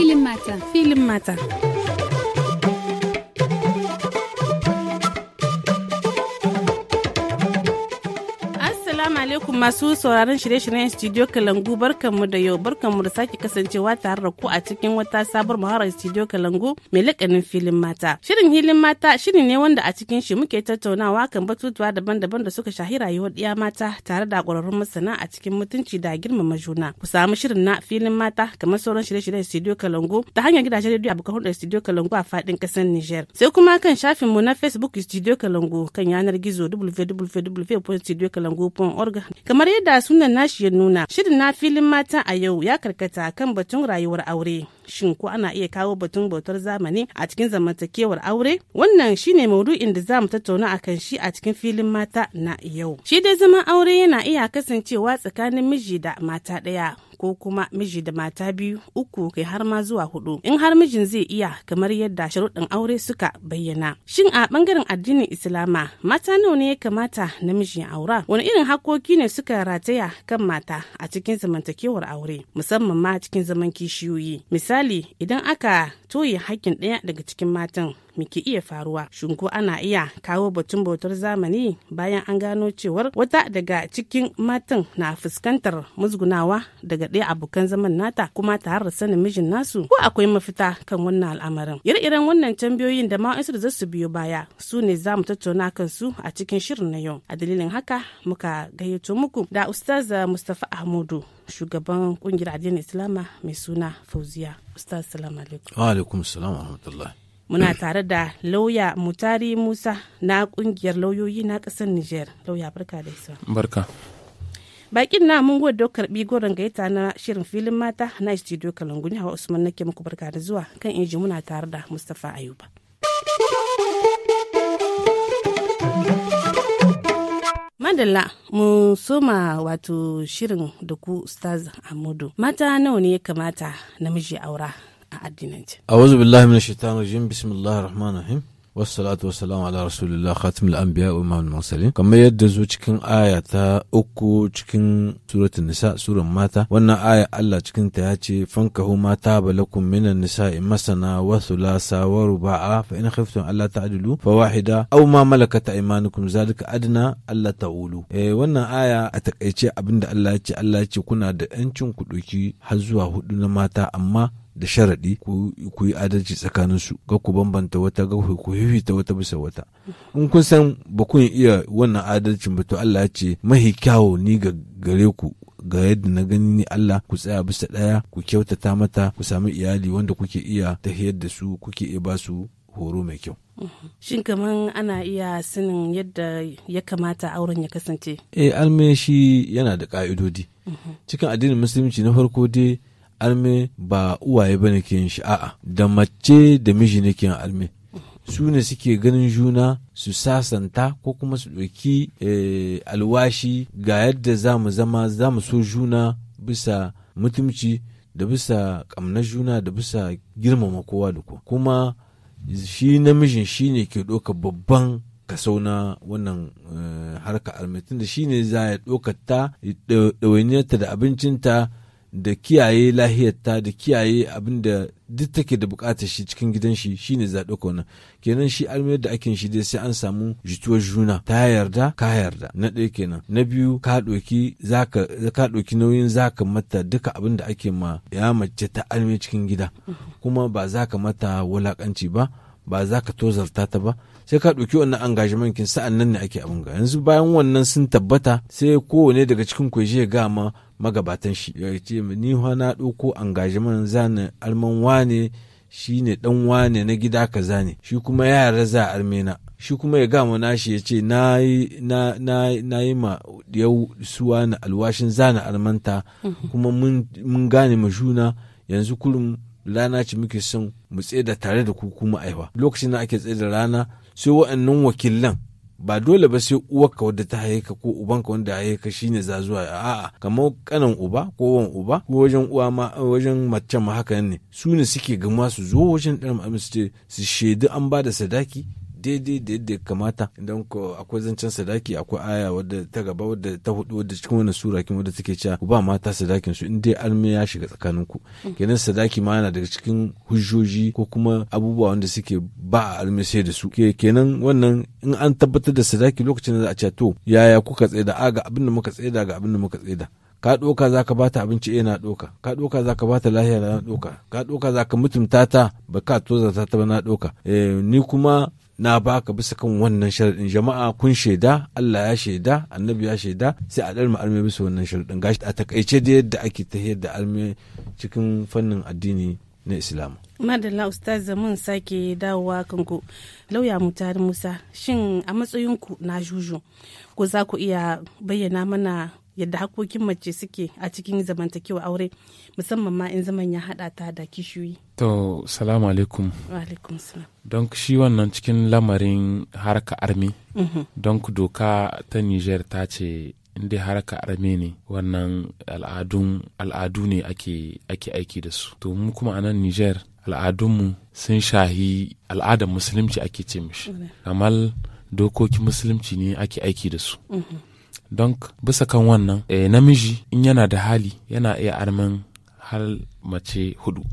Feeling Matter. Feeling Matter. alaikum masu sauraron shirye-shiryen studio Kalangu barkanmu da yau barkanmu da sake kasancewa tare da ku a cikin wata sabuwar muhawarar studio Kalangu mai lakanin filin mata. Shirin hilin mata shiri ne wanda a cikin shi muke tattaunawa kan batutuwa daban-daban da suka shahi rayuwar iya mata tare da ƙwararrun masana a cikin mutunci da girmama juna. Ku samu shirin na filin mata kamar sauran shirye-shiryen studio Kalangu ta hanyar gidajen rediyo abokan hulɗar studio Kalangu a faɗin ƙasar Niger. Sai kuma kan shafinmu na Facebook studio Kalangu kan yanar gizo www.studiokalangu.org Kamar yadda sunan nashi ya nuna, shirin na filin mata a yau ya karkata kan batun rayuwar aure. Shin ko ana iya kawo batun bautar zamani a cikin zamantakewar aure? Wannan shine maudu'in da za mu tattauna a kan shi a cikin filin mata na yau. Shi dai zaman aure yana iya kasancewa tsakanin miji da mata ɗaya. ko kuma miji da mata biyu uku kai har ma zuwa hudu in har mijin zai iya kamar yadda sharuɗin aure suka bayyana shin a bangaren addinin islama mata nawa ne ya kamata na ya aura wani irin hakoki ne suka rataya kan mata a cikin zamantakewar aure musamman ma cikin zaman kishiyoyi misali idan aka toye hakkin ɗaya daga cikin matan miki iya faruwa Shinko ana iya kawo batun bautar zamani bayan an gano cewar wata daga cikin matan na fuskantar musgunawa daga ɗaya abokan zaman nata kuma ta har sanin mijin nasu ko akwai mafita kan wannan al'amarin ire-iren wannan tambayoyin da ma'aikatu da su biyo baya su ne za mu tattauna kan su a cikin shirin na yau a dalilin haka muka gayyato muku da ustaz mustafa ahmadu shugaban kungiyar addinin islama mai suna fauziya ustaz salamu alaikum wa alaikum salam wa rahmatulah. muna tare da lauya mutari musa na kungiyar lauyoyi na kasar niger lauya barka da isa barka bakin na mun gwada karbi goron gaita na shirin filin mata na studio kalanguni hawa usman nake muku barka da zuwa kan inji muna tare da mustafa ayuba madalla mu soma wato shirin da ku stars amudu mata nawa ne ya kamata namiji aura a addinance a'udhu billahi minash shaitanir rajim bismillahir rahmanir rahim wassalatu wassalamu ala rasulillah khatimul anbiya wa al mursalin kamar yadda zo cikin aya ta uku cikin suratul nisa suran mata wannan aya Allah cikin ta ya ce fankahu ma taba lakum minan nisa'i masana wa thulasa wa ruba'a fa in khiftum alla ta'dilu fa wahida aw ma malakat aymanukum zalika adna alla ta'ulu eh wannan aya a takaice abinda Allah ya ce Allah ya ce kuna da yancin ku doki har zuwa hudu na mata amma da sharaɗi ku yi adalci tsakaninsu ga ku bambanta wata ga ku hifita wata bisa wata in kun san ba kun iya wannan adalcin ba to Allah ya ce mahi kyawo ni ga gare ku ga yadda na gani ni Allah ku tsaya bisa ɗaya ku kyautata mata ku sami iyali wanda kuke iya tahiyar da su kuke iya ba su horo mai kyau. Shin kamar ana iya sanin yadda ya kamata auren ya kasance? Eh almai shi yana da ƙa'idodi. Mhm. Cikin addinin musulunci na farko dai alme ba uwaye ba ne ke shi da mace da miji ne ke yin alme su ne suke ganin juna su sasanta ko kuma su ɗauki eh, alwashi ga yadda za mu zama za mu so juna bisa mutumci da bisa ƙamna juna da bisa girmama kowa da ku kuma shi namijin shi ne ke ɗauka babban kaso na wannan eh, harka almitin da shi ne za ya ɗaukata ɗawainiyarta da abincinta da kiyaye lahiyarta da kiyaye abin da duk take da bukatar shi cikin gidan shi shine zaɓe kona kenan shi almayar da ake shi dai sai an samu jituwar juna ta yarda ka yarda na ɗaya kenan na biyu ka ɗoki zaka ka ɗoki nauyin zaka mata duka abin da ake ma ya mace ta alme cikin gida mhm. kuma ba zaka mata wulakanci ba ba za ka tozarta ta ba sai ka ɗauki wannan engagement kin sa'an nan ne ake abin ga yanzu bayan wannan sun tabbata sai kowane daga cikin ku ya gama magabatan shi ya ce ni fa na ɗauko engagement zani alman wane shi ne ɗan wane na gida kaza ne shi kuma yara za armena shi kuma ya gama na shi ya ce na yi ma yau suwa na alwashin zana armanta mhm. kuma mun gane ma juna yanzu kurum rana ce muke son mu da tare da ku kuma aiwa lokacin da ake da rana sai wa'annan wakilan ba dole ba sai uwarka wadda ta haye ka ko ubanka wanda haye ka shine za zuwa a'a kamar kanan uba ko wan uba ko wajen uwa ma wajen mace ma haka ne su ne suke gama su zo wajen ɗan su ce su shaidu an ba da sadaki daidai da yadda ya kamata idan ko akwai zancen sadaki akwai aya wadda ta gaba wadda ta hudu wadda cikin wani sura kin wadda take cewa ba mata sadakin su in dai alme ya shiga tsakanin ku mm. kenan sadaki ma yana daga cikin hujjoji ko kuma abubuwa wanda suke ba alme sai da su kenan wannan in an tabbatar da sadaki lokacin da a ce to yaya kuka tsaida a ga abin da muka tsaida ga abin da muka tsaida ka ɗoka za ka bata abinci eh na ɗoka ka ɗoka za ka bata lahiya na ɗoka ka ɗoka za ka mutumta ta ba ka toza ta ta na ɗoka eh, ni kuma na baka bisa kan wannan sharaɗin jama'a kun shaida Allah ya shaida annabi ya shaida sai a ɗarma alme bisa wannan sharaɗin gashi a takaice da yadda ake ta da alme cikin fannin addini na islam madalla ustaz zaman sake dawowa ku lauya mutari musa shin a matsayinku na juju ko za ku iya bayyana mana yadda hakokin mace suke a cikin zamantakewa aure musamman ma in zaman ya haɗa ta da kishiyoyi. To, salamu alaikum. alaikum salam. Don shi wannan cikin lamarin harka armi. Mhm. Don doka ta Nijar ta ce inda harka armi ne wannan al'adu ne ake aiki da su. To, mu kuma anan nan Nijar al'adunmu sun shahi al'adar musulunci ake ce mishi. Kamal dokokin musulunci ne ake aiki da su. Mhm. don bisa kan wannan eh, namiji in yana da hali yana iya armin hal mace hudu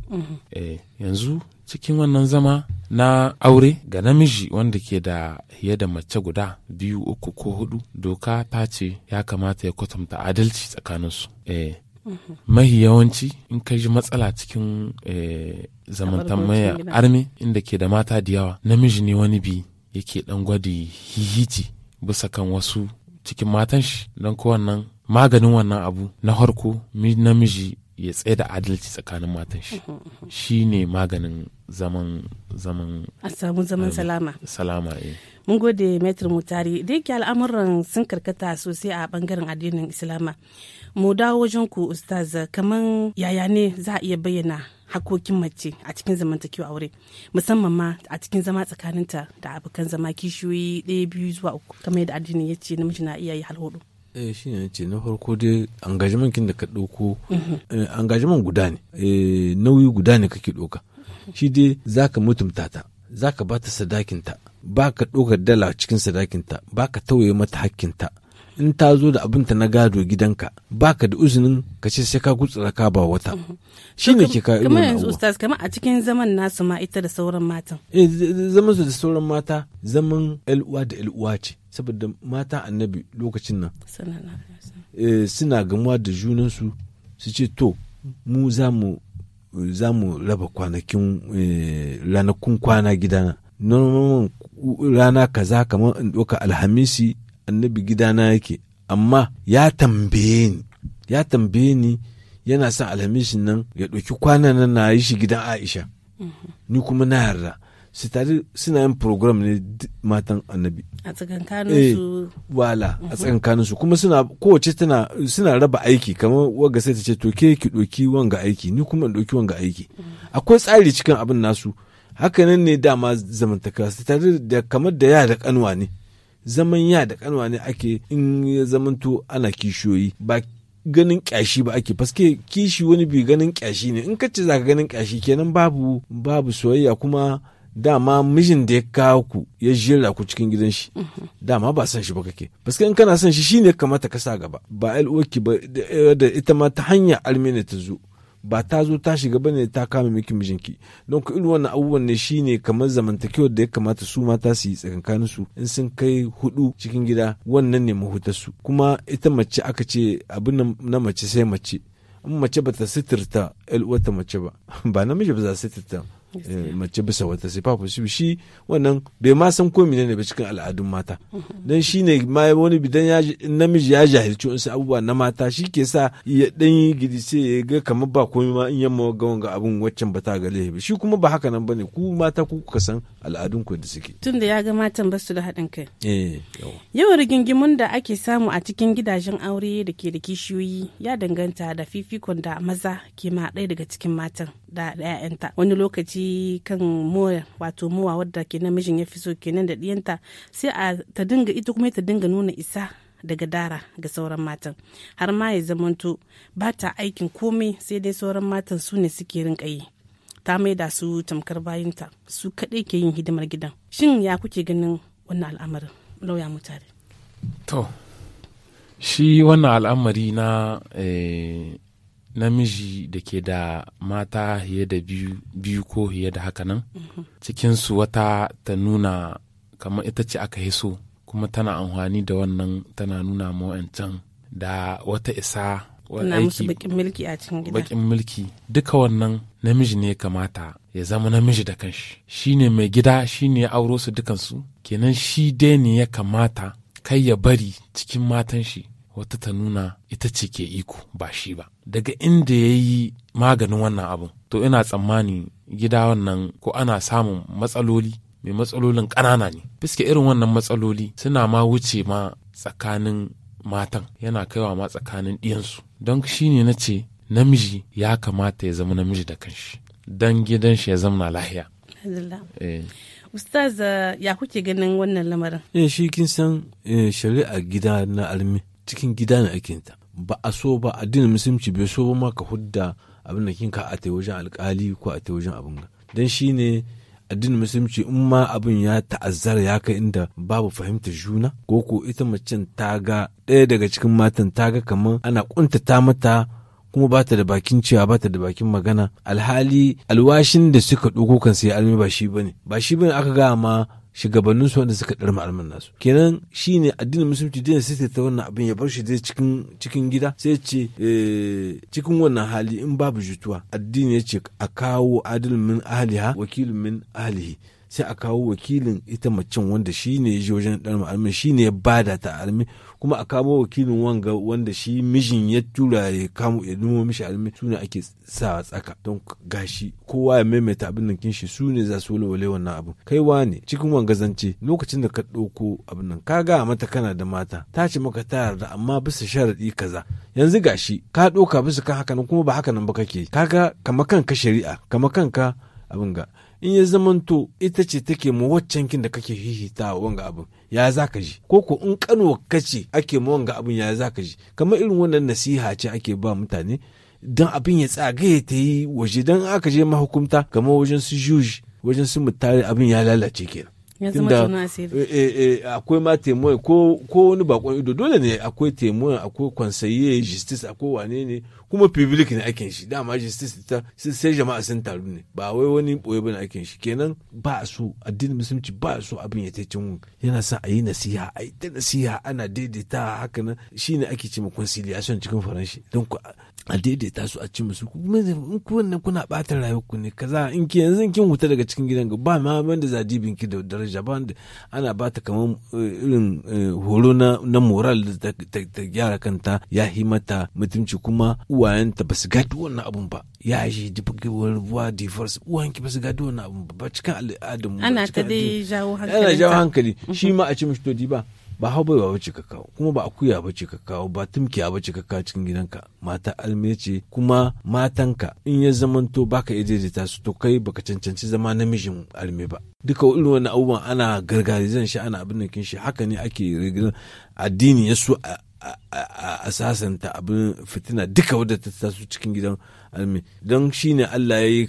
e, yanzu cikin wannan zama na aure ga namiji wanda ke da fiye da mace guda biyu uku ko hudu doka ta ce ya kamata ya kwatanta adalci tsakaninsu e, mahi yawanci in ka ji matsala cikin zamantan maya armi inda ke da mata da yawa namiji ne wani bi yake dan gwadi hihici bisa kan wasu cikin matan shi don ko wannan maganin wannan abu na harko namiji ya tsaye da adalci tsakanin matan shi shi ne maganin zaman zaman a samu zaman um, salama salama eh mun gode metro mutari da yake al'amuran sun karkata sosai a bangaren addinin islama mu dawo wajen ku ustaz kaman yaya ne za a iya bayyana hakokin mace a cikin zamantakewa aure musamman ma a cikin zama tsakaninta da abokan zama kishiyoyi ɗaya biyu zuwa uku kamar yadda addini ya ce namiji na iya yi har eh shi ne ce na farko dai engagement kin da ka ɗauko mhm. eh, engagement guda ne eh, nauyi guda ne kake ɗauka shi dai ka mutumta ta za zaka bata sadakinta ba ka ɗaukar dala cikin sadakinta ba ka tauye mata hakkinta in ta zo da abinta na gado gidanka baka da uzinin ka ce sai ka gutsura ka ba wata mhm. shi ne ke kawo kamar yanzu ustaz kamar a cikin zaman nasu ma ita da sauran matan eh, zaman su da sauran mata zaman uwa da uwa ce saboda mata annabi lokacin nan eh, suna gamuwa da junansu su ce to mu za mu za mu raba kwanakin eh, ranakun kwana gidana normal rana kaza kamar in ɗauka alhamisi annabi gidana yake amma ya tambaye ni ya tambaye ni yana son alhamishin nan ya ɗauki kwanan nan na yi shi gidan aisha ni kuma na yarda su tare suna yin program ne matan annabi a eh, su wala a mhm. su kuma suna kowace tana suna raba aiki kamar waga sai ta ce to ke ki ɗauki wanga aiki ni kuma in ɗauki wanga aiki mhm. akwai tsari cikin abin nasu hakanan ne dama zamantaka su tare da kamar da ya da kanwa ne zaman ya da kanwa ne ake in ya zamanto ana kishiyoyi ba ganin kyashi ba ake faske kishi wani bi ganin kyashi ne in ka ce zaka ganin kyashi kenan babu babu soyayya kuma dama mijin da ya kawo ku ya jira ku cikin gidan shi dama ba san shi ba kake faske in kana san shi shine kamata ka sa gaba ba al'uwarki ba da ita ma ta hanya almene ta zo ba ta zo ta shiga bane ta kama miki mijinki don ku irin wannan abubuwan ne shine kamar zamantakewar da ya kamata su mata su yi tsakankanin su in sun kai hudu cikin gida wannan ne mahutar su kuma ita mace aka ce abin na mace sai mace in mace bata sitirta ta mace ba ba namiji ba za sitirta Eh, mace bisa wata sai fa shi wannan bai ma san ko ne ba cikin al'adun mata mhm. dan shi ne ma wani bidan namiji ya jahilci wasu abubuwa na mata shi ke sa ya dan yi gidi sai ya ga kamar ba komai ma in yamma ga wanga abun waccan ba ta ga ba shi kuma ba haka nan bane ku mata ku kuka san al'adun ku da suke tunda ya ga matan ba su da haɗin kai eh yawan rigingimun da ake samu a cikin gidajen aure da ke da kishiyoyi ya danganta da fifikon da maza ke ma ɗaya daga cikin matan da 'ya'yanta wani lokaci lokaci kan moya wato mowa wadda kenan mijin ya fi so kenan da ɗiyanta sai a ta dinga ita kuma ta dinga nuna isa daga dara ga sauran matan har ma ya zamanto ba ta aikin komai sai dai sauran matan su ne suke rinka yi ta da su tamkar bayanta su kaɗai ke yin hidimar gidan shin ya kuke ganin wannan al'amarin lauya mutare to shi wannan al'amari na eh, namiji da ke da mata fiye da biyu ko fiye da haka nan cikinsu wata ta nuna kamar ita ce aka yi so kuma tana amfani da wannan tana nuna mawancan da wata isa bakin mulki bakin mulki duka wannan namiji ne kamata ya zama namiji da kanshi shi ne mai gida shi ne ya auro su dukansu kenan shi dai ne ya kamata kai ya bari cikin matan shi wata ta nuna ita ce ke iko ba shi ba daga inda ya yi maganin wannan abun to ina tsammani gida wannan ko ana samun matsaloli mai matsalolin ƙanana ne fiske irin wannan matsaloli suna ma wuce ma tsakanin matan yana kaiwa ma tsakanin ɗiyansu don shi ne na ce namiji ya kamata ya zama namiji da kanshi don gidan shi ya zama lahiya eh. Ustaz ya kuke ganin wannan lamarin? Eh shi kin san eh, shari'a gida na almi cikin gida na ake ba a so ba addinin musulunci bai so ba ma ka hudda abin da kinka a ta wajen alkali ko a ta wajen abin ga dan shine addinin musulunci in ma abin ya ta'azzara ya kai inda babu fahimta juna ko ko ita macen ta ga ɗaya daga cikin matan ta ga kaman ana kuntata mata kuma bata da bakin cewa bata da bakin magana alhali alwashin da suka ɗauko kan sai almi ba shi bane ba shi bane aka gaya ma shugabannin su wanda suka ɗar malaman nasu kenan shine addinin musulunci dina sai ta wannan abin ya bar shi dai cikin cikin gida sai ce eh, cikin wannan hali in babu jituwa addini ya ce a kawo adilin min ahliha wakilin min ahlihi sai a kawo wakilin ita macen wanda shine ya je wajen ɗarma almin shine ya bada ta almi kuma a kamo wakilin wanga wanda shi mijin ya tura ya kamo ya dumo mishi almi su ne ake sa tsaka don gashi kowa ya maimaita abin nan kinshi su ne za su walwale wannan abu. kai wane cikin wanga zance lokacin da ka ɗauko abin nan ka ga mata kana da mata ta ce maka ta yarda amma bisa sharaɗi kaza yanzu gashi ka ɗauka bisa kan nan kuma ba nan ba kake ga kama kanka shari'a kama kanka abin ga in ya zamanto ita ce take mu waccan kin da kake hihita wanga abin ya za ka ji ko ko in kano kace ake ma wanga abin ya za ka ji kamar irin wannan nasiha ce ake ba mutane don abin ya tsagaye ta yi waje don aka je mahukumta kamar wajen su juji wajen su mutare abin ya lalace kenan tunda eh, eh, eh, akwai ma temoyin ko wani bakon ido dole ne akwai temoyin akwai kwansaye justice akwai wane ne kuma public ne aikin shi dama justice ta sai jama'a sun taru ne ba wai wani boye bane aikin shi kenan ba su addini musulunci ba su abin ya taicin yana sa a yi nasiha a yi ta nasiha ana daidaita haka nan shine ake ce ma conciliation cikin faransa don a daidaita su a ci musu kuma in wannan kuna bata rayuwarku ne kaza in ki yanzu kin huta daga cikin gidan ba ma wanda za jibin ki da daraja ba wanda ana bata kamar eh, irin eh, horo na na moral da ta gyara kanta ya hi mata mutunci kuma uwayenta ba su gadi wannan abun ba ya shi dubgewar ruwa divorce uwayen ki ba su gadi wannan abun ba ba cikin al'adun mu ana ta dai jawo hankali ana jawo hankali mm-hmm. shi ma a ci musu to ba ba hau baiwa bace ka kawo kuma ba akuya bace ka kawo ba tumkiya bace ka kawo cikin gidanka mata alme ce kuma matanka in ya zamanto baka iya daidaita su to kai baka cancanci zama namijin alme ba duka irin wani abubuwan ana gargarizan shi ana abin kin shi haka ne ake rigiran addini ya so a sasanta abin fitina duka wadda ta taso cikin gidan almi don shine Allah ya yi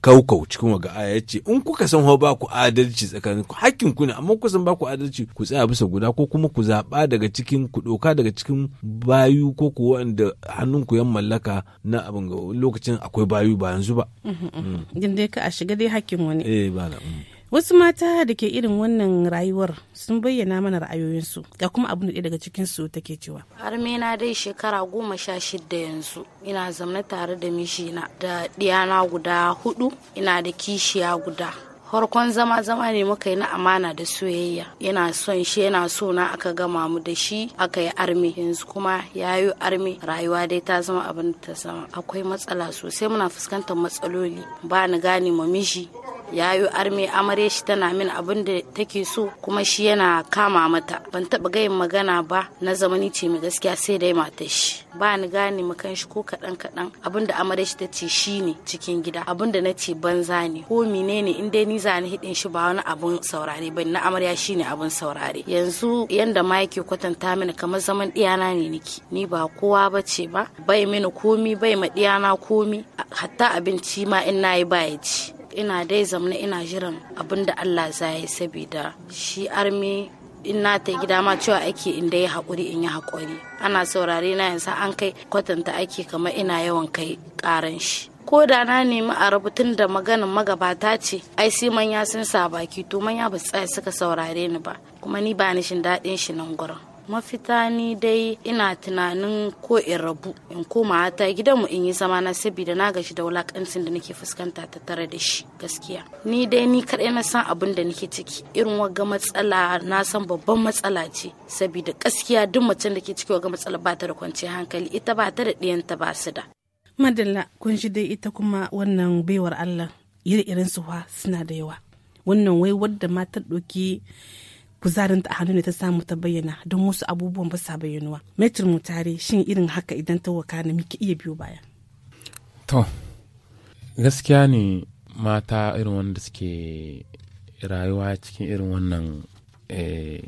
kaukau cikin waga aya ce in kuka san ba ku adalci tsakanin ku hakkin ku ne amma ku san ba ku adalci ku tsaya bisa guda ko kuma ku zaba daga cikin ku doka daga cikin bayu ko ku wanda hannun ku yan mallaka na abin lokacin akwai bayu ba yanzu ba. Mm-hmm, mm-hmm. Gindai ka a shiga dai hakkin wani. Eh ba mm. wasu mata da ke irin wannan rayuwar sun bayyana mana ra'ayoyinsu ga kuma abin da daga cikin su take cewa har na dai shekara goma sha shida yanzu ina zamna tare da mijina da diyana guda hudu ina da kishiya guda farkon zama zama ne muka yi na amana da soyayya yana son shi yana so na aka gama mu da shi aka yi armi yanzu kuma ya yi armi rayuwa dai ta zama abin ta zama akwai matsala sosai muna fuskantar matsaloli ba ni gane ma miji. ya yi arme amare shi tana min abin da take so kuma shi yana kama mata ban taba gayin magana ba na zamani ce mai gaskiya sai dai matar shi ba ni gane makan shi ko kaɗan kaɗan abin da amare shi ta ci shi ne cikin gida abin da na banza ne ko menene in dai ni zane hidin shi ba wani abun saurare ba na amarya shi ne abun saurare yanzu yanda ma yake kwatanta mini kamar zaman diyana ne niki ni ba kowa ba ce ba bai mini komi bai ma diyana komi hatta abinci ma in nayi ba ya ci ina dai zamna ina jiran abin da allah za yi saboda shi armi in na ta gida ma cewa ake in dai haƙuri in yi haƙuri ana saurare na yanzu an kai kwatanta ake kamar ina yawan kai ƙaran shi ko da na nemi a rubutun da maganin magabata ce ai si manya sun sa baki to manya ba su tsaya suka saurare ni ba kuma ni ba ni shin daɗin shi nan gurin mafita ni dai ina tunanin ko in rabu in koma ta gidan mu in yi zama na saboda na gashi da wulakancin da nake fuskanta ta tare da shi gaskiya ni dai ni kadai na san abin da nake ciki irin wagga matsala na san babban matsala ce saboda gaskiya duk mace da ke ciki wagga matsala ba ta da kwanciyar hankali ita ba ta da ta ba su da madalla kun shi dai ita kuma wannan baiwar allah iri irin su suna da yawa wannan wai wadda ma ta ɗauki kuzarin a hannu ne ta samu ta bayyana don wasu abubuwan ba sa bayyanuwa mu tare shin irin haka idan ta waka wakana miki iya biyo baya to gaskiya ne mata irin wanda suke rayuwa cikin irin wannan eh,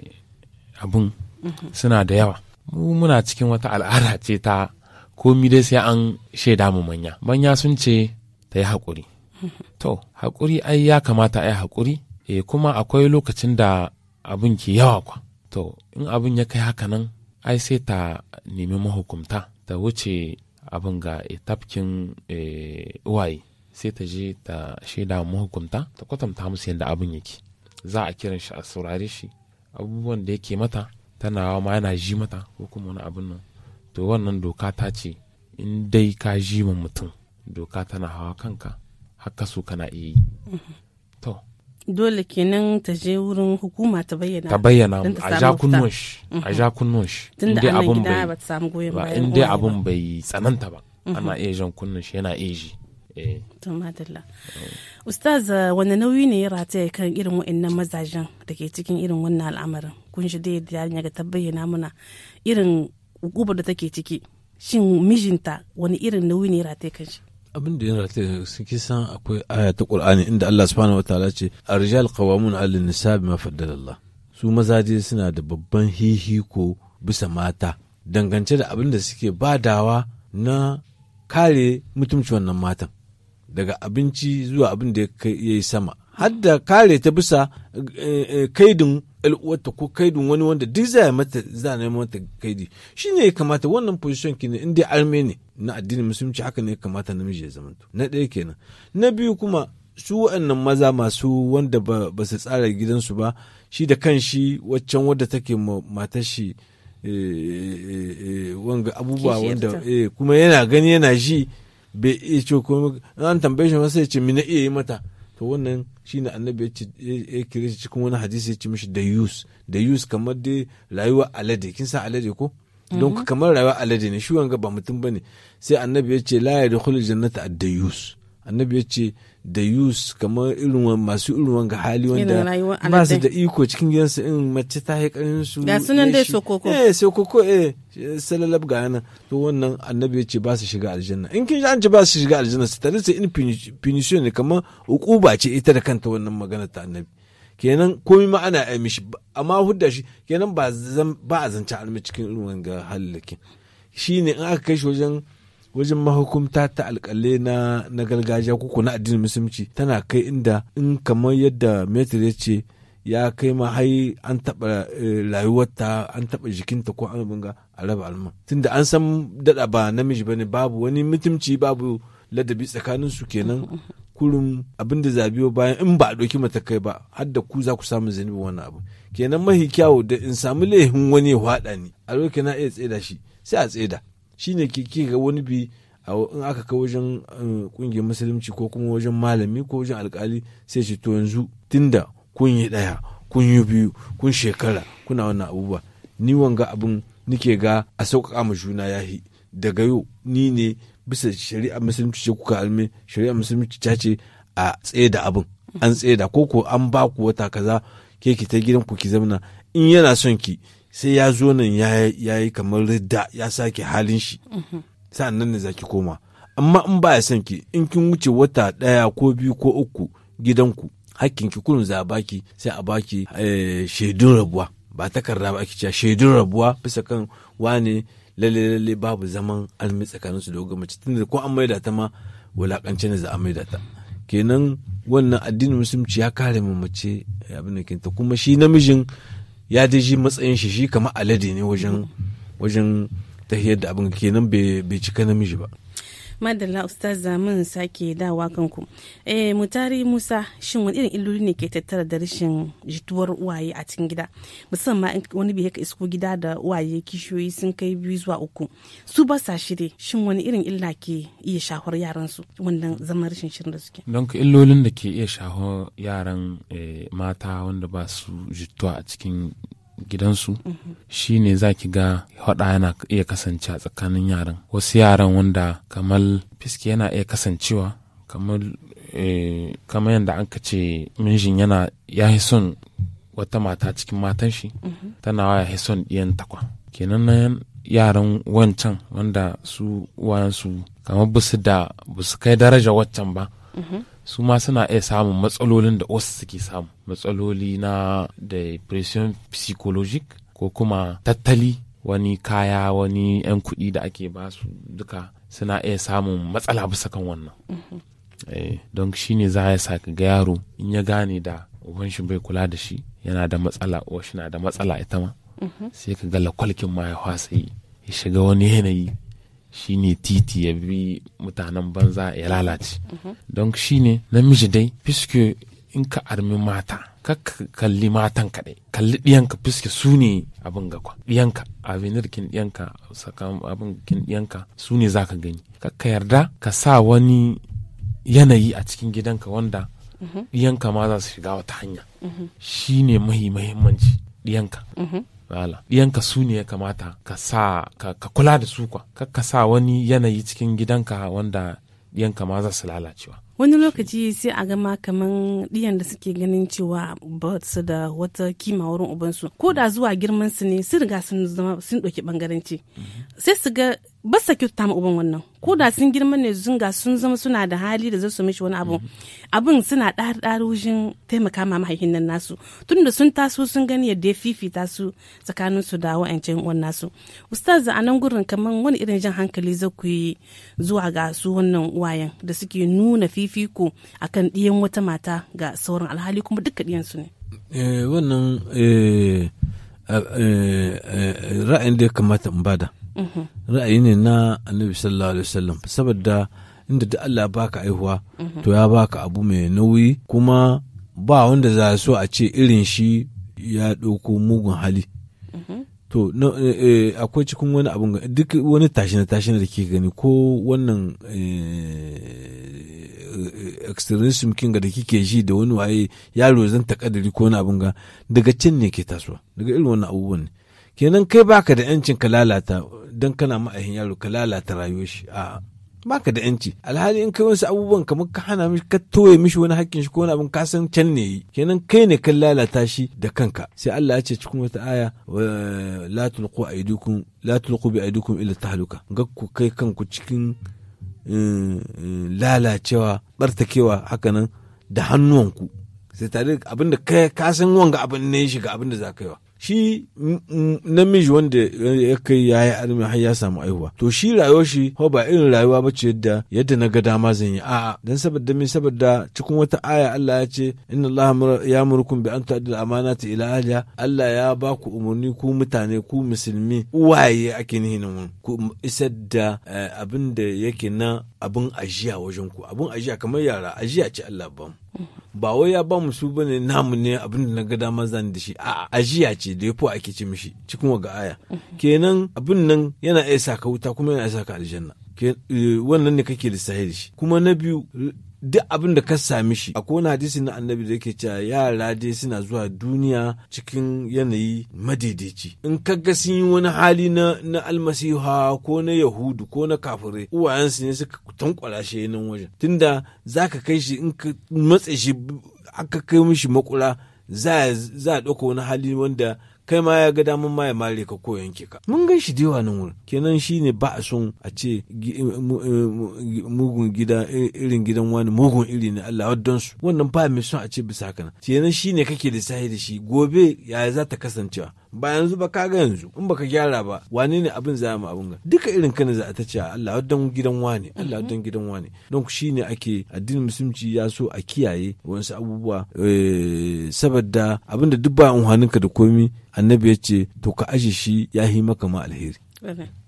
abun mhm. suna da yawa mu muna cikin wata al'ada ce ta komi dai sai an shaida mu manya manya sun ce ta yi haƙuri mhm. to haƙuri ai ya kamata a yi haƙuri eh, kuma akwai lokacin da abin ke yawa kwa to in abin ya kai haka nan ai sai ta nemi mahukumta ta wuce abin ga eh, tafkin eh, uwaye sai ta je ta shaida mahukumta ta kwatanta musu yadda abin yake za a kiran shi a saurare shi abubuwan da yake mata tana ma yana ji mata ko kuma wani abin nan to wannan doka ta ce in dai ka ji mutum doka tana hawa kanka haka su kana iya yi mm-hmm. to dole kenan ta je wurin hukuma ta bayyana ta bayyana a mhm. ja kunnuwan shi a ja kunnuwan shi inda abun bai ba ta samu goyon bayan inda abun bai tsananta ba mhm. ana iya jan kunnuwan shi yana iya ji eh. to madalla ustaz wani nauyi ne ya rataya kan irin wa'annan mazajen da ke cikin irin wannan al'amarin kun shi dai da yarinya ga ta bayyana mana irin gubar da take ciki shin mijinta wani irin nauyi ne ya rataya kan shi abin da yana sun ki san akwai aya ta qur'ani inda Allah subhanahu wataala ce arjal qawamun ala nisa bima faddalallah su mazaje suna da babban hihiko bisa mata dangance da abin da suke badawa na kare mutumci wannan matan daga abinci zuwa abin da ya yi sama har da kare ta bisa eh, eh, kaidin al'uwarta ko kaidin wani wanda duk za mata za a mata kaidi shine ya kamata wannan position ki ne inda arme na addinin musulunci haka ne kamata namiji ya zamanto na ɗaya kenan na biyu kuma su waɗannan maza masu wanda ba su tsara gidansu ba shi da kan shi waccan wadda take matar shi eh, eh, eh, wanga abubuwa wanda kuma yana gani yana shi bai iya ce kuma an tambaye shi masa ya ce mina iya yi mata to wannan shi ne annabi ya kire shi cikin wani hadisi ya ce mishi da yus da yus kamar dai rayuwa alade kin sa alade ko don mhm. kamar rayuwa alade ne shi wanga ba mutum bane sai annabi ya ce la da dakhulu jannata a dayus annabi ya ce dayus kamar irin masu irin wanga hali wanda ba su da iko cikin gidansu in mace ta haika su ga sunan dai sokoko eh sokoko eh salalab ga yana to wannan annabi ya ce ba su shiga aljanna in kin an ce ba su shiga aljanna su tare sai in punition ne kamar hukuba ce ita da kanta wannan magana ta annabi kenan komai ma ana yi mishi amma hudda shi kenan ba a zance almi cikin irin wanga halakin shi ne in aka kai shi wajen wajen mahukumta ta alƙalle na gargajiya ko na addinin musulunci tana kai inda in kamar yadda metir ya ce ya kai ma hai an taɓa eh, rayuwarta an taɓa jikinta ko an bunga a raba alman tunda an san daɗa ba namiji ba ne babu wani mutumci babu ladabi tsakanin su kenan kurin abin da zabiyo bayan in ba a ɗauki matakai ba har da ku za ku samu zunubin wani abu kenan mahi kyawu da in samu laifin wani ya haɗa ni a lokacin na iya tseda shi sai a tseda ne ke ga wani bi in aka kai wajen kungiyar eh, musulunci ko kuma wajen malami ko wajen alkali sai shi to yanzu tunda kun yi ɗaya kun yi biyu kun shekara kuna wannan abubuwa ni wanga abin nike ga a sauƙaƙa ma juna yahi daga yau ni ne bisa shari'a musulunci ce kuka alme shari'a musulunci ta ce a tsaye da abin an tsaye da ko ko an ba ku wata kaza ke ki ta gidan ku ki zamana in yana son ki sai ya zo nan ya yi kamar ridda ya sake halin shi sa'an nan ne za ki koma amma in ba ya son ki in kin wuce wata ɗaya ko biyu ko uku gidanku hakkin ki za a baki sai a baki eh, shaidun rabuwa ba takarda ba ake cewa shaidun rabuwa bisa kan wane lalle lalle babu zaman almi tsakanin su da tun da ko an maida ta ma wulakance ne za a maida ta kenan wannan addinin musulunci ya kare mu mace abin da ta kuma shi namijin ya dai shi matsayin shi shi kamar alade ne wajen wajen tahiyar da abin kenan bai cika namiji ba madalla ustaz zamin sake dawa kanku eh mutari musa shin wani irin illoli ne ke tattara da rashin jituwar uwaye a cikin gida musamman wani bai ka isko gida da uwaye kishiyoyi sun kai biyu zuwa uku su ba sa shirye shin wani irin illa ke iya shahar yaran su wannan zaman rashin shirin da suke don ka illolin da ke iya shahar yaran eh, mata wanda ba su jituwa a cikin gidansu shi ne za ki ga haɗa yana iya kasance a tsakanin yaran wasu yaran wanda kamar fiske yana iya kasancewa kamar eh, kamar yadda an ka ce minjin yana ya yi son wata mata cikin matan shi tana waya ya son ɗiyan takwa kenan nan yaran wancan wanda su wayansu kamar busu da busu kai daraja waccan ba su ma suna iya samun matsalolin da wasu suke samu matsaloli na depression psychologic ko kuma tattali wani kaya wani 'yan kuɗi da ake basu duka suna iya samun matsala bisa kan wannan eh, don shi ne za ya sa ga yaro in ya gane da uban shi bai kula da shi yana da matsala uwa shi na da matsala ita ma mhm. sai ka ga lakwalkin ma ya yi ya shiga wani yanayi shine titi ya bi mutanen banza ya lalace don shine namiji dai fiske in ka armi mata ka kalli matan kaɗai kalli ɗiyanka fiske su ne abin ga kwa ɗiyanka avenir kin ɗiyanka sakan abin kin ɗiyanka su ne za ka gani ka yarda ka sa wani yanayi a cikin gidanka wanda ɗiyanka ma za su shiga wata hanya shi ne mahi mahimmanci ɗiyanka Allah ɗiyanka su ne ya kamata ka sa ka, kula da su kwa ka sa wani yanayi cikin gidanka wanda ɗiyanka ma za su lalacewa wani lokaci sai a gama kaman ɗiyan da suke ganin cewa ba su da wata kima wurin ubansu ko da zuwa girman su ne sun riga sun zama sun ɗauki bangaranci sai su ga ba sa kyauta ta uban wannan ko da sun girman ne sun ga sun zama suna da hali da zasu mishi wani abu abin suna ɗari ɗari wajen taimaka ma mahaifin nan nasu tunda sun taso sun gani yadda ya fifita su tsakanin su da wa'ancan uwan nasu ustaz a nan gurin kaman wani irin jan hankali zaku ku yi zuwa ga su wannan wayan da suke nuna fi fifiko kan ɗiyan wata mata ga sauran alhali kuma duka ɗiyansu ne eh, wannan eh, eh, ra'ayin da ya kamata in bada mhm. ra'ayi ne na annabi sallallahu alaihi wasallam saboda inda da Allah baka aihuwa mhm. to ya baka abu mai nauyi kuma ba wanda za so a ce irin shi ya ɗauko mugun hali to eh, eh, akwai cikin wani abun duk wani tashina tashina da ke gani ko wannan eh, extremism kin ga da kike ji da wani waye yaro zan kadari ko wani abun ga daga can ne ke tasowa daga irin wannan abubuwan ne kenan kai baka da yancin ka lalata don kana ma'ahin yaro ka lalata rayuwar shi a baka da yanci alhali in kai wasu abubuwan kamar ka hana mishi ka toye mishi wani hakkin shi ko wani abin kasan can ne yi kenan kai ne kan lalata shi da kanka sai Allah ya ce cikin wata aya la tulqu aydukum la tulqu bi aydukum illa tahluka ga ku kai kanku cikin eh, eh, lalacewa bartakewa hakanan da hannuwanku sai tare abinda ka kasan wanga abin ne shi ga abinda za ka yi wa shi namiji wanda ya kai ya yi armi har ya samu aihuwa to shi rayuwar shi ho ba irin rayuwa ba ce yadda yadda na ga dama zan yi a'a dan saboda min saboda cikin wata aya Allah ya ce inna Allah ya murkum bi an tu'addil amanati ila ahliha Allah ya ba ku umurni ku mutane ku musulmi uwaye ake nihin ku isar da eh, abin da yake na abin ajiya wajen ku abin ajiya kamar yara ajiya ce Allah ba mu ba wai ya ba mu su bane namu ne abin da na ga dama zan da shi a ajiya ce da yafi ake ci mishi cikin ga aya kenan abin nan yana iya saka wuta kuma yana iya saka aljanna eh, wannan ne kake lissahi da shi kuma na biyu duk abin da ka sami shi akwai wani hadisi na annabi da yake cewa yara dai suna zuwa duniya cikin yanayi madaidaici in ka ga sun yi wani hali na na almasiha ko na yahudu ko na kafire uwayensu ne suka tankwala shi nan wajen tunda za ka kai shi in ka matse shi aka kai mishi makula za a ɗauka wani hali wanda kai ma ya ga damun ma ya mare ka ko yanke ka mun gan shi da yawa nan wurin kenan shine ba a son a ce eh, eh, mugun gida eh, irin gidan wani mugun iri ne Allah waddan su wannan ba mai son a ce bisa kana kenan ne kake da sahi da shi gobe ya za ta kasancewa ba yanzu ba kaga yanzu in baka gyara ba wane ne abin za mu abin ga duka irin kana za ta ce Allah don gidan wane Allah don gidan wane don shine ake addinin musulunci ya so a kiyaye wasu abubuwa eh, saboda abinda duk ba ka da komi annabi ya ce to ka aje shi ya yi maka ma alheri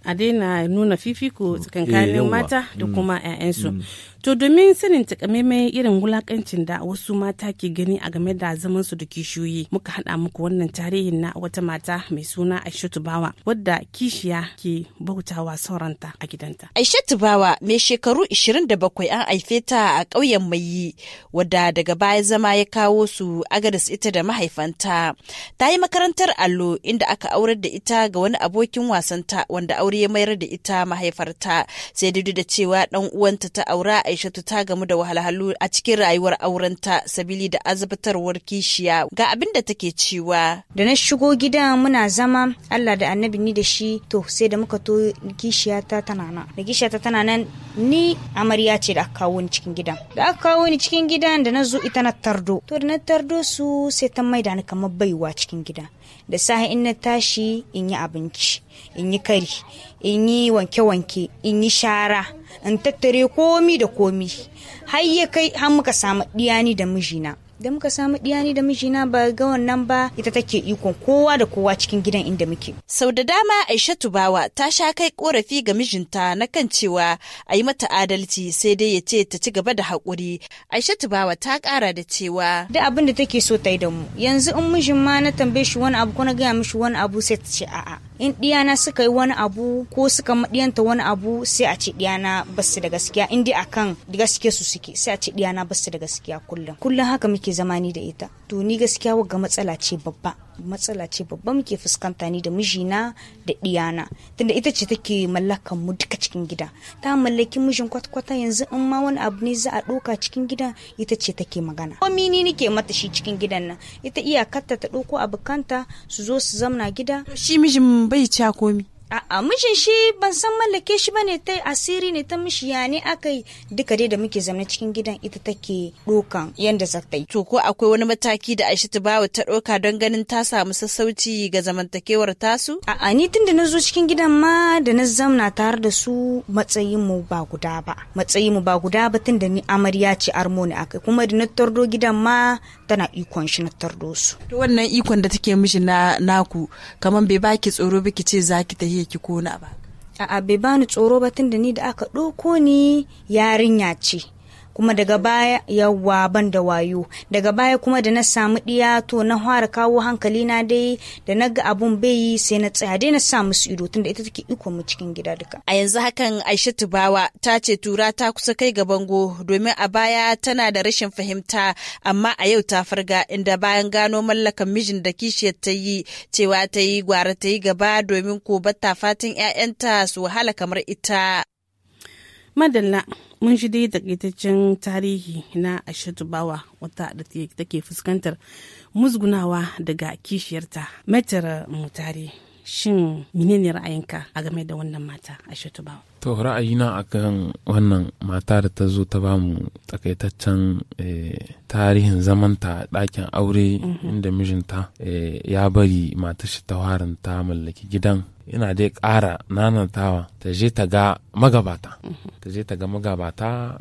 a daina nuna fifiko mm. tsakankanin eh, mata da mm. kuma 'ya'yansu mm. to domin sanin takamaimai irin wulakancin da wasu mata ke gani a game da zaman su da kishiyoyi muka hada muku wannan tarihin na wata mata mai suna Aisha bawa wadda kishiya ke bautawa sauranta a gidanta Aisha bawa mai shekaru 27 an haife ta a ƙauyen mai wadda daga baya zama ya kawo su agadas ita da mahaifanta ta yi makarantar allo inda aka aurar da ita ga wani abokin wasanta wanda aure ya mayar da ita mahaifarta sai duk da cewa dan uwanta ta aura Aishatu ta gamu da wahalhalu a cikin rayuwar aurenta sabili da azabtarwar kishiya ga abin da take cewa da na shigo gida muna zama Allah da annabi ni da shi to sai da muka to kishiyata tana nan da kishiyata tana nan ni amarya ce da aka kawo ni cikin gidan da aka kawo ni cikin gidan da na zo ita na tardo to da na tardo su sai ta maida ni kamar baiwa cikin gidan. da sahi in na tashi in yi abinci in yi kari in yi wanke-wanke in yi shara in tattare komi da komi har ya kai har muka samu ɗiyani da mijina da muka samu ɗiyani da mijina ba ga wannan ba ita take ikon kowa da kowa cikin gidan inda muke. Sau da dama Aisha Tubawa ta sha kai korafi ga mijinta na kan cewa a yi mata adalci sai dai ya ce ta ci gaba da haƙuri. Aisha Tubawa ta kara da cewa. Da abin da take so ta yi da mu yanzu in mijin ma na tambaye shi wani abu ko na gaya mishi wani abu sai ta ce a'a. in diyana suka yi wani abu ko suka maɗiyanta wani abu sai a ci diyana ba su da gaskiya in dai akan gaskiya su suke sai a ci diyana ba su da gaskiya kullum kullum haka muke zamani da ita to ni gaskiya ga matsala ce babba matsala ce babba muke fuskanta ni da mijina da diyana tunda ita ce take mallakan mu duka cikin gida ta mallaki mijin kwata yanzu in ma wani abu ne za a ɗoka cikin gida ita ce take magana komi ni nake mata shi cikin gidan nan ita iyakarta ta ɗauko kanta su zo su zamna gida shi mijin bai ci komi A'a mijin shi ban san mallake shi bane ta asiri ne ta mishi ya ne aka yi duka dai da muke zaune cikin gidan ita take dokan yanda za ta yi. To ko akwai wani mataki da Aisha Bawa ta ɗauka don ganin ta samu sassauci ga zamantakewar tasu? A'a ni tun da na zo cikin gidan ma da na zamna tare da su matsayin mu ba guda ba. Matsayin mu ba guda ba tun da ni amarya ce armoni akai kuma da na tardo gidan ma tana ikon shi na tardo su. To wannan ikon da take mishi na naku kamar bai baki tsoro baki ce zaki ta iya ki kona ba a'a bai bani tsoro ba tun da ni da aka ɗauko ni yarinya ce kuma daga baya yawa ban da wayo daga baya kuma da na samu ɗiyato to na fara kawo hankali na dai da na ga abun bai yi sai na tsaya dai na sa musu ido tunda ita take iko mu cikin gida duka a yanzu hakan Aisha Tubawa ta ce tura ta kusa kai ga bango domin a baya tana da rashin fahimta amma a yau ta farga inda bayan gano mallakan mijin da kishiyar ta yi cewa ta yi gwara ta yi gaba domin ko fatan 'ya'yanta su wahala kamar ita madalla mun shi dai takaitaccen tarihi na ashatu bawa wata da take fuskantar musgunawa daga kishiyarta metar mutari shin menene ra'ayinka a game da wannan mata ashatu bawa to ra'ayina akan wannan mata da ta zo ta bamu takaitaccen eh, tarihin zamanta ɗakin aure mhm. inda mijinta eh, ya bari matar shi ta ta mallaki gidan ina dai ƙara nanatawa ta je ta ga magabata ta mhm. je ta ga magabata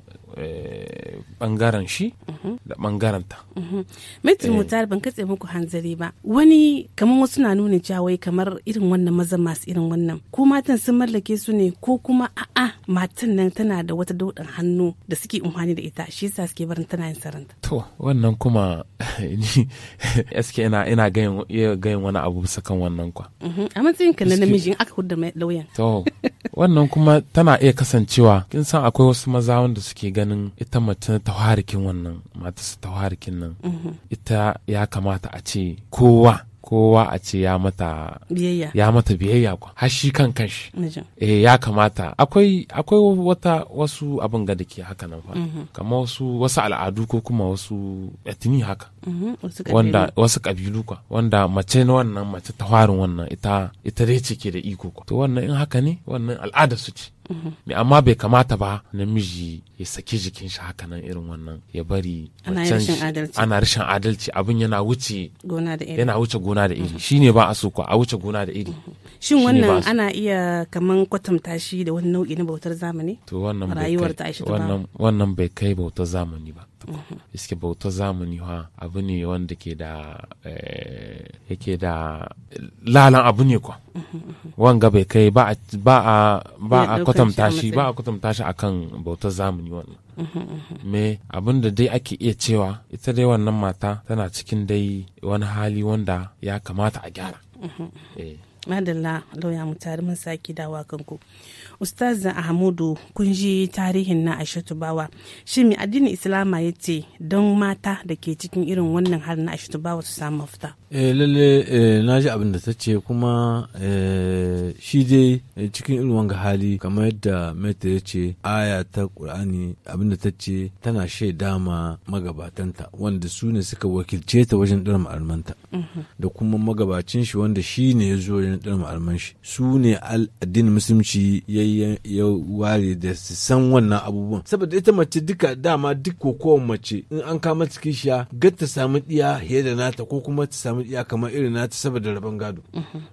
bangaren eh, shi mhm. da bangaren ta. Maitre mhm. eh. Mutar ban katse muku hanzari ba. Wani kamar wasu na nuna jawai kamar irin wannan maza masu irin wannan. Ko matan sun mallake su ne ko kuma a'a matan nan tana da wata daudan hannu da suke umhani da ita shi sa suke barin tana yin saranta. To wannan kuma eske ina ina gayin wani abu sakan wannan kwa. A matsayin ka na namijin aka hudda lauyan. To wannan kuma tana tana iya kasancewa kin san akwai wasu maza wanda suke ganin ita mace ta harikin wannan su ta harikin nan mhm. ita ya kamata a ce kowa kowa a ce ya mata biyayya ya mata biyayya ko har shi kan kanshi eh ya kamata akwai akwai wata wasu abin ga dake haka nan fa mhm. kamar wasu wasu al'adu ko kuma wasu etini haka mhm, wanda wasu kabilu ko wanda mace na wannan mace ta wannan ita ita dai ce ke da iko ko to wannan in haka ne wannan al'ada su ce amma bai kamata ba namiji ya saki jikin shi haka nan irin wannan ya bari ana rashin adalci abin yana wuce gona da iri yana wuce gona da iri shine ba a so ko a wuce gona da iri mhm. shin wannan ana iya kaman kwatanta shi da wani nau'i na bautar zamani to wannan rayuwar ta wannan wannan bai kai bautar zamani ba iske bauta zamani ha abu ne wanda ke da eh, yake da lalan abu ne kwa wanga bai kai ba a kwatanta shi ba a kwatanta shi akan bautar zamani wannan mhm, mhm, mhm. me abin da dai ake iya cewa ita dai wannan mata tana cikin dai wani hali wanda ya kamata a gyara eh. madalla lauya mu tare mun saki dawa kanku ustaza ahmadu kun ji tarihin na ashatubawa shi mai addinin islama ya ce don mata da ke cikin irin wannan hali na ashatubawa su samu mafita eh lalle eh, na ji abin da ta ce kuma eh, shi dai eh, cikin irin wanga hali kamar yadda mata ya ce aya ta kur'ani abin da ta ce tana shaida ma magabatanta wanda su ne suka wakilce ta wajen ɗora ma'almanta mhm. da kuma magabacin shi wanda shi ne ya zo wajen ɗora ma'alman shi su ne addinin musulunci ya ware da su san wannan abubuwan saboda ita mace duka dama duk kokowar mace in an kama ta kishiya ga ta samu ɗiya da nata ko kuma ta samu iya kamar irin na ta saboda rabon gado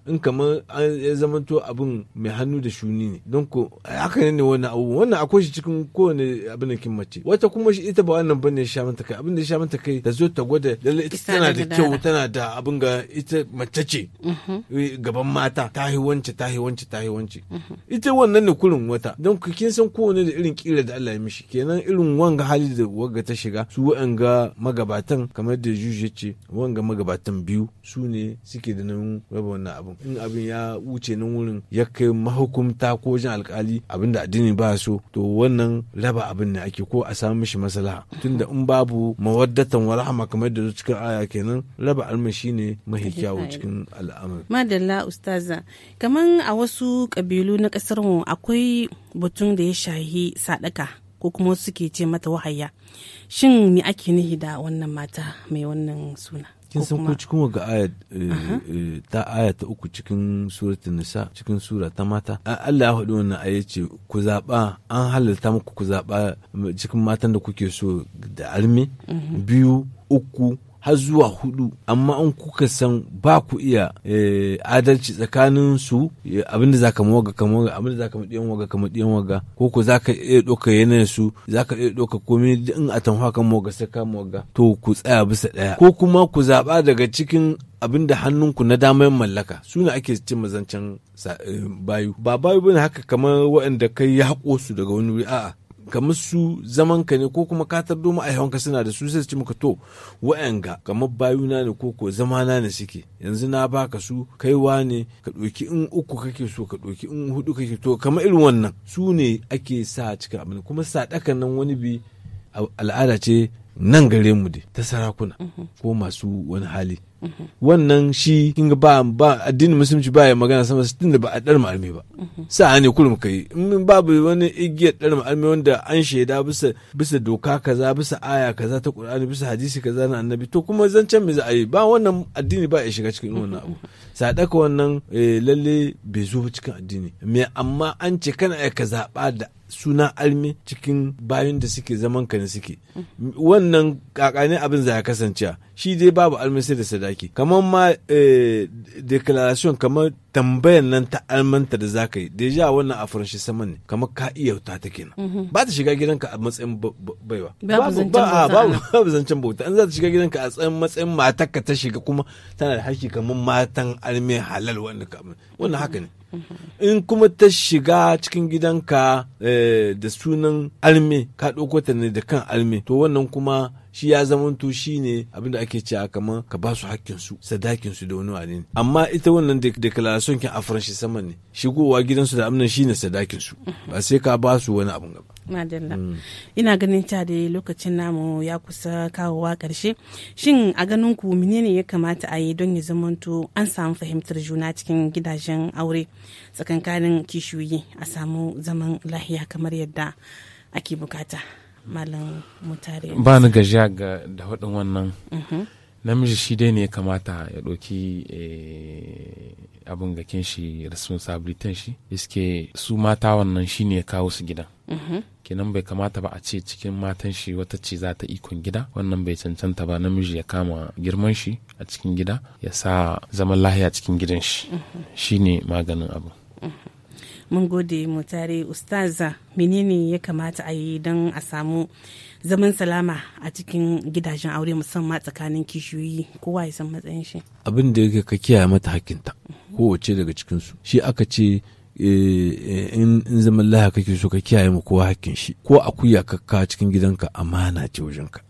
in kamar ya to abin mai hannu da shuni ne don ko haka ne wani abu wannan akwai shi cikin kowane abin da kin mace wata kuma shi ita ba wannan bane sha mata kai abin da sha mata kai ta zo ta gwada lalle ita tana da kyau tana da abin ga ita mace ce mhm. eh, gaban mata ta hi wance ta hi wance ta hi wance ita wannan ne kurin wata don ku kin san kowane da irin kira da Allah ya mishi kenan irin wanga hali da wanga ta shiga su wanga magabatan kamar da juje ce wanga magabatan biyu biyu su ne suke da nan raba wannan abin in abin ya wuce nan wurin ya kai mahukumta ko jin alkali abin da addini ba so to wannan raba abin ne ake ko a samu mishi maslaha tunda in babu mawaddatan wa rahama kamar da cikin aya kenan raba almashi shine mahi kyawu cikin al'amari madalla ustaza kaman a wasu kabilu na kasar mu akwai batun da ya shahi sadaka ko kuma suke ce mata wahaya shin me ake nihi da wannan mata mai wannan suna kin san ko cikin wa eh, eh, ta aya ta uku cikin surat nisa cikin sura ta mata Allah ya hudu wannan aya ce ku zaba an halalta muku ku zaba cikin matan da kuke so da almi mhm. biyu uku har zuwa hudu amma an kuka san ba ku iya eh, adalci tsakanin su eh, abinda za ka waga kama waga abinda za ka yan waga kama ɗiyan waga ko ko za ka iya ɗauka yanayin su za ka iya ɗauka komai in a tanhwa kan waga sai ka waga to ku tsaya bisa ɗaya ko kuma ku zaɓa daga cikin abin da hannunku na damar mallaka su ne ake cin mazancen eh, bayu ba bayu bane haka kamar waɗanda kai ya haƙo su daga wani wuri a'a kamar su zaman ka ne ko kuma katar a tardo ka suna da su sai su ci maka to wa'anga kamar bayuna ne ko ko zamana ne suke yanzu na baka su kaiwa ne ka ɗauki in uku kake so ka ɗauki in hudu kake to kamar irin wannan su ne ake sa cika abin kuma ɗakan nan wani bi al'ada ce nan gare mu dai ta sarakuna mhm. ko masu wani hali wannan shi kin ga ba ba addinin musulunci ba ya magana sama su da ba a dar ma'almi ba sa ne kullum kai in babu wani igiyar dar ma'almi wanda an shaida bisa bisa doka kaza bisa aya kaza ta qur'ani bisa hadisi kaza na annabi to kuma zancen me za a yi ba wannan addini ba ya shiga cikin wannan abu sadaka wannan eh, lalle bai zo cikin addini me amma an ce kana ka zaba da suna almi cikin bayan da suke zaman ka ne suke wannan kakane abin za ya kasance shi dai babu almi sai da sadaki kamar ma eh, declaration kamar tambayan nan ta almanta da zaka yi da deja wannan a furanshi saman ne kamar ka iya ta ta kenan mhm. ba ta shiga gidanka a matsayin baiwa babu zancen bauta in za ta shiga gidanka a tsayin matsayin matar ka ta shiga kuma tana da haƙƙi kamar matan alme halal wanda ka wannan haka ne mhm. in kuma ta shiga cikin gidanka eh, da sunan alme ka ɗauko ta ne da kan almi to wannan kuma shi ya zamanto shi ne abinda ake a kamar ka ba su hakkin su sadakin su da wani wani amma ita wannan declaration kin a faranshi sama ne shigowa gidansu da amnan shine sadakin su ba sai ka ba su wani abun gaba madalla mm. ina ganin ta da lokacin namu ya kusa kawowa karshe shin a ganin ku menene ya kamata a yi don ya zamanto an samu fahimtar juna cikin gidajen aure tsakankanin kishiyoyi a samu zaman lahiya kamar yadda ake bukata malam mutare ba ni gajiya ga da hudun wannan mhm. namiji shi dai ne ya kamata ya ɗauki eh, abin gakin shi responsibilitin shi iske su mata wannan shi ne kawo su gidan mhm. kenan bai kamata ba a ce cikin matan shi wata ce za ta ikon gida wannan bai cancanta ba namiji ya kama girman shi a cikin gida ya sa zaman lahiya cikin gidan shi mhm. shi ne maganin abu mun gode mu tare ustaza menene ya kamata a yi don a samu zaman salama a cikin gidajen aure musamman tsakanin kishiyoyi kowa ya san matsayin shi abin da yake ka kiyaye mata hakinta kowace daga cikin su shi aka ce eh, in zaman laha kake so ka kiyaye ma kowa hakkin shi ko akuya ka cikin gidanka amana ce wajenka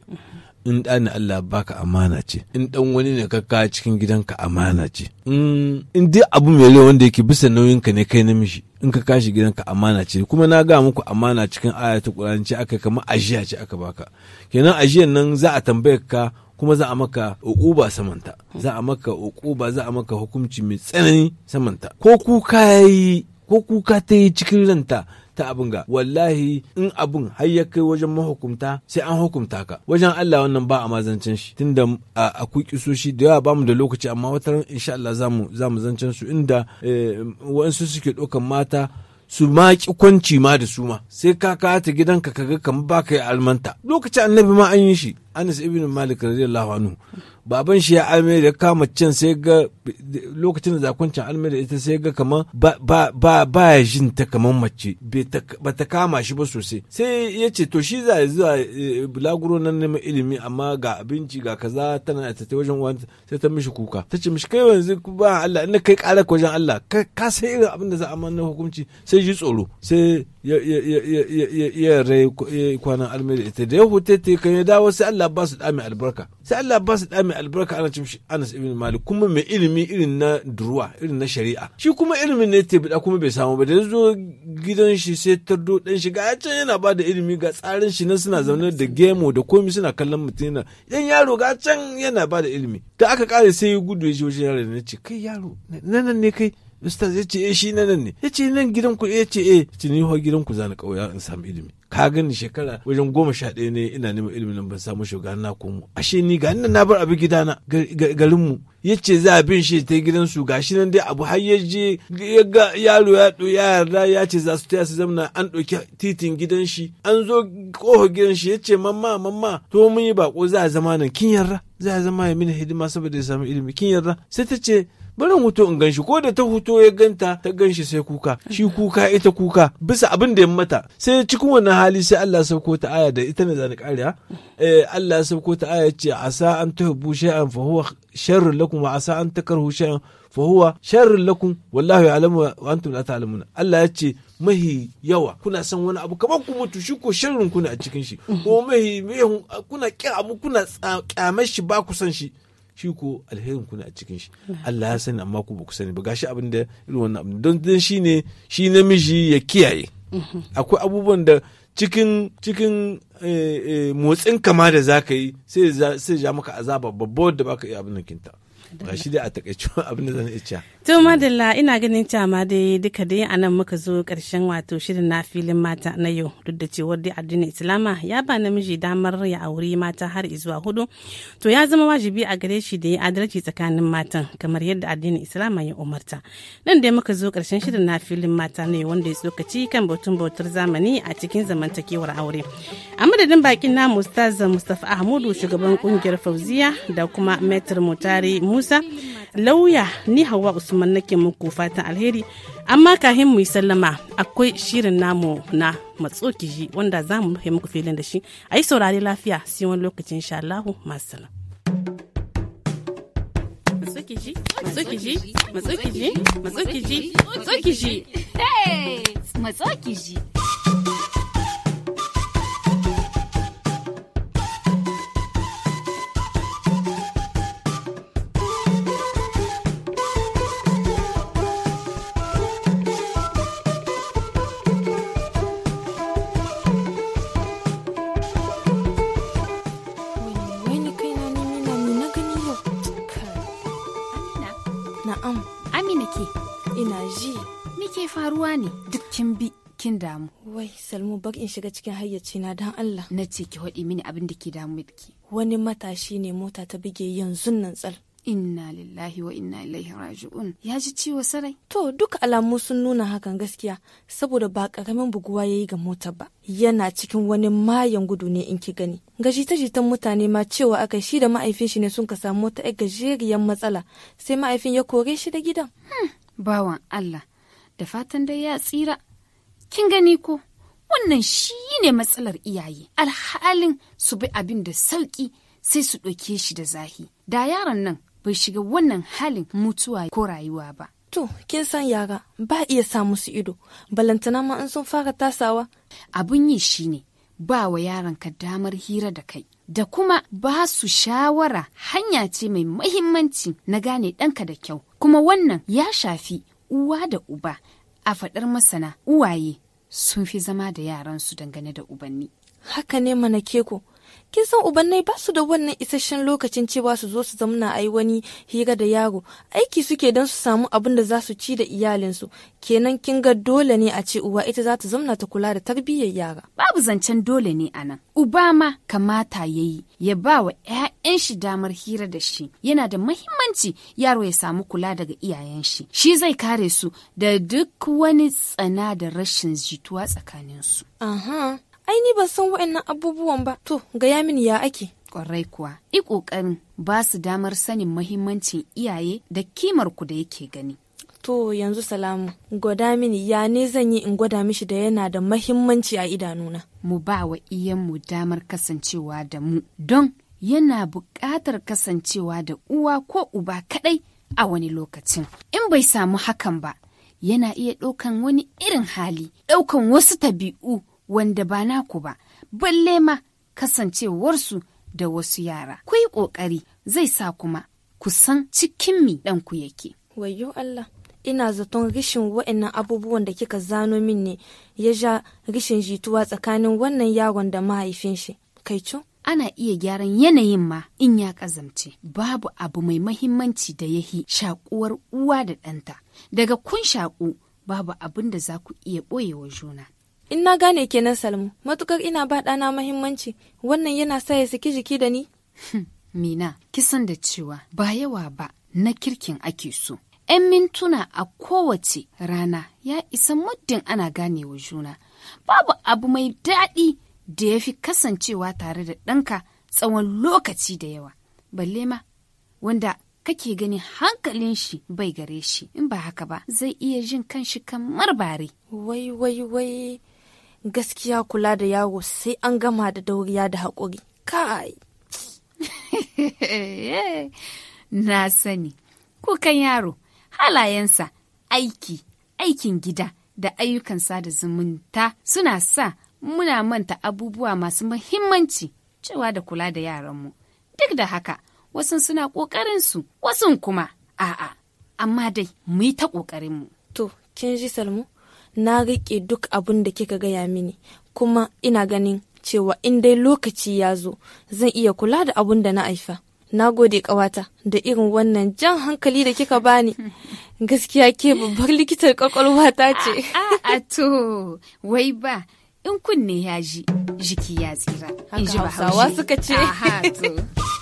in ɗa Allah baka amana ce in ɗan wani ne ka kawo cikin gidanka amana ce in dai abu mai rai wanda yake bisa nauyin ka ne kai namiji in ka kashi gidanka amana ce kuma na ga muku amana cikin ayatu Qur'an ce aka kama ajiya ce aka baka kenan ajiyan nan za a tambaye ka kuma za a maka uquba samanta za a maka uquba za a maka hukunci mai tsanani samanta ko kuka yayi ko kuka ta yi cikin ranta ta abin ga wallahi in abin har ya kai wajen mahukumta sai an hukunta ka wajen Allah wannan ba a mazancin shi tunda akwai kisoshi da yawa bamu da lokaci amma wata insha Allah zamu zamu zancen su inda eh, wasu suke ɗaukan mata su ma kwanci ma da su ma sai ka ka ta gidanka kaga kamar ba ka yi almanta lokacin annabi ma an yi shi anas ibn malik radiyallahu anhu baban shi ya almeri da kama can sai ga lokacin da zakuncin da ita sai ga kama ba ba ba jin ta kaman mace ba ta kama shi ba sosai sai ya ce to shi za zuwa bulaguro nan neman ilimi amma ga abinci ga kaza tana ta ta wajen wanta sai ta mishi kuka ta ce mishi kai yanzu ba Allah ina kai ƙara wajen Allah ka sai irin abin da za a manna hukunci sai ji tsoro sai ya ya kwanan almeri ita da ya huta ta kan ya dawo sai Allah Allah ba su dami albarka sai Allah ba su dami albarka ana cin Anas ibn Malik kuma mai ilimi irin na durwa irin na shari'a shi kuma ilimin ne yake bida kuma bai samu ba da yanzu gidan shi sai tardo dan shi ga can yana ba da ilimi ga tsarin shi na suna zaune da gemo da komi suna kallon mutum yana yan yaro ga can yana ba da ilimi da aka kare sai ya gudu ya je wajen yaro ne ce kai yaro nan ne kai ustaz ya ce eh shi nan ne ya ce nan gidan ku ya ce eh ce ni gidan ku zani kauya in samu ilimi ka gani shekara wajen goma sha ɗaya ne ina neman ilimin nan ban samu shiga na komo ashe ni ga nan na bar abu gidana garinmu ya ce za a bin shi ta gidansu ga shi nan dai abu har ya je ga yaro ya ɗo ya yarda ya ce za su taya su zamna an ɗauki titin gidan shi an zo ƙofar gidan shi ya ce mamma mamma to mun yi bako za a zama nan kin yarda za a zama ya mini hidima saboda ya samu ilimi kin yarda sai ta ce barin hoto in ganshi ko da ta hoto ya ganta ta ganshi sai kuka shi kuka ita kuka bisa abin da ya mata sai cikin wannan hali sai Allah sauko ta aya da ita ne zan kariya eh Allah sauko ta aya ce asa an tuhibbu shay'an fa huwa sharrun lakum wa asa an takarhu shay'an fa huwa sharrun lakum wallahu ya'lamu wa antum la ta'lamun Allah ya ce mahi yawa kuna san wani abu kamar ku mutu shi ko sharrin kuna a cikin shi ko mahi kuna kyamu kuna kyamar shi ba ku san shi shi ko alherin ku ne a cikin shi Allah ya sani amma ku ba ku sani ba gashi abin da irin wannan abin don dan shi ne shi namiji ya kiyaye mhm. akwai abubuwan da cikin cikin eh, eh, motsin kama da zaka ka yi sai ja maka azaba babba da baka iya abin kinta ga shi da a takaice abin da zan iya to madalla ina ganin ma dai duka dai a nan muka zo karshen wato shirin na filin mata na yau duk da cewa dai addinin islama ya ba namiji damar ya auri mata har zuwa hudu to ya zama wajibi a gare shi da ya adalci tsakanin matan kamar yadda addinin islama ya umarta nan dai muka zo karshen shirin na filin mata na yau wanda ya tsokaci kan batun bautar zamani a cikin zamantakewar aure a madadin bakin na mustaza mustafa ahmudu shugaban kungiyar fauziya da kuma metr mutari musa musa lauya ni Hauwa Usman nake muku fatan alheri amma kahin mu yi sallama akwai shirin namu na kiji wanda za mu muku filin da shi a yi saurari lafiya sai wani lokacin insha Allah masu Wai, Salmu bak in shiga cikin hayyaci na don Allah. Na ce ki haɗi mini abin da ke damu ki. Wani matashi ne mota ta bige yanzu nan tsal. Inna lillahi wa inna ilaihi raji'un. Ya ji ciwo sarai. To duka alamu sun nuna hakan gaskiya saboda ba karamin buguwa ya yi ga mota ba. Yana cikin wani mayan gudu ne in ki gani. Ga jita-jitan mutane ma cewa aka shi da ma'aifin shi ne sun ka samu wata yar gajeriyar matsala sai ma'aifin ya kore shi da gidan. Hmm, bawan Allah, da fatan dai ya tsira. kin gani ko wannan shi ne matsalar iyaye alhalin su bi abin da sauki sai su ɗauke shi da zahi da yaron nan bai shiga wannan halin mutuwa ko rayuwa ba to kin san yara ba iya sa musu ido balantana ma in sun fara tasawa abun yi shi ne ba wa ka damar hira da kai da kuma ba su shawara hanya ce mai mahimmanci na gane ɗanka da kyau kuma wannan ya shafi uwa da uba a faɗar masana uwaye sun fi zama da yaransu dangane da ubanni. Haka ne mana keko, kin san ubannai ba su da wannan isasshen lokacin cewa su zo su zamna a yi wani hira da yaro aiki suke don su samu abin da za su ci da iyalinsu kenan kin ga dole ne a ce uwa ita za ta zamna ta kula da tarbiyyar yara babu zancen dole ne anan uba ma kamata ya yi ya ba wa 'ya'yan shi damar hira da shi yana da mahimmanci yaro ya samu kula daga iyayen shi shi zai kare su da duk wani tsana da rashin jituwa tsakaninsu. Aha. ai ni ban san wa'annan abubuwan ba to gaya mini ya ake kwarai kuwa i kokarin ba su damar sanin mahimmancin iyaye da kimar ku da yake gani to yanzu salamu gwada mini ya ne zan yi in gwada mishi da yana da mahimmanci a idanuna mu ba wa mu damar kasancewa da mu don yana buƙatar kasancewa da uwa ko uba kaɗai a wani lokacin in bai samu hakan ba yana iya ɗaukan wani irin hali ɗaukan wasu tabi'u wanda ba naku ba, balle ma kasancewarsu da wasu yara. Ku yi ƙoƙari zai sa kuma ku san cikin mi ɗanku yake. Wayyo Allah, ina zaton rishin wa'annan abubuwan da kika zano min ne ya ja rishin jituwa tsakanin wannan yaron da mahaifin shi. Kaicu? Ana iya gyaran yanayin ma in ya kazamce, Babu abu mai mahimmanci da yahi shakuwar uwa da ɗanta. Daga kun shaku babu abin da za ku iya ɓoyewa juna. In na gane kenan Salmu, matukar ina ba ɗana mahimmanci, wannan yana sa ya saki jiki da ni? Mina, kisan da cewa ba yawa ba na kirkin ake so. 'Yan mintuna a kowace rana ya isa muddin ana gane wa juna. Babu abu mai daɗi da ya fi kasancewa tare da ɗanka tsawon lokaci da yawa. Balle ma, wanda kake gani hankalin shi bai gare shi in ba haka ba zai iya jin kanshi kamar bare. Wai wai wai gaskiya kula da yaro sai an gama da dauriya da haƙuri kai na sani kukan yaro halayensa aiki aikin gida da ayyukan sada zumunta suna sa muna manta abubuwa masu muhimmanci cewa da kula da yaranmu duk da haka wasu suna ƙoƙarinsu wasu kuma a'a amma dai mu yi ta ƙoƙarinmu to kin ji salmu na riƙe duk abin da kika gaya mini kuma ina ganin cewa in dai lokaci ya zo zan iya kula da abin da na haifa na gode ƙawata da irin wannan jan hankali da kika bani gaskiya ke babbar likitar kwakwalwa ta ce a to wai ba in kunne ya ji jiki ya tsira in ji ba suka ce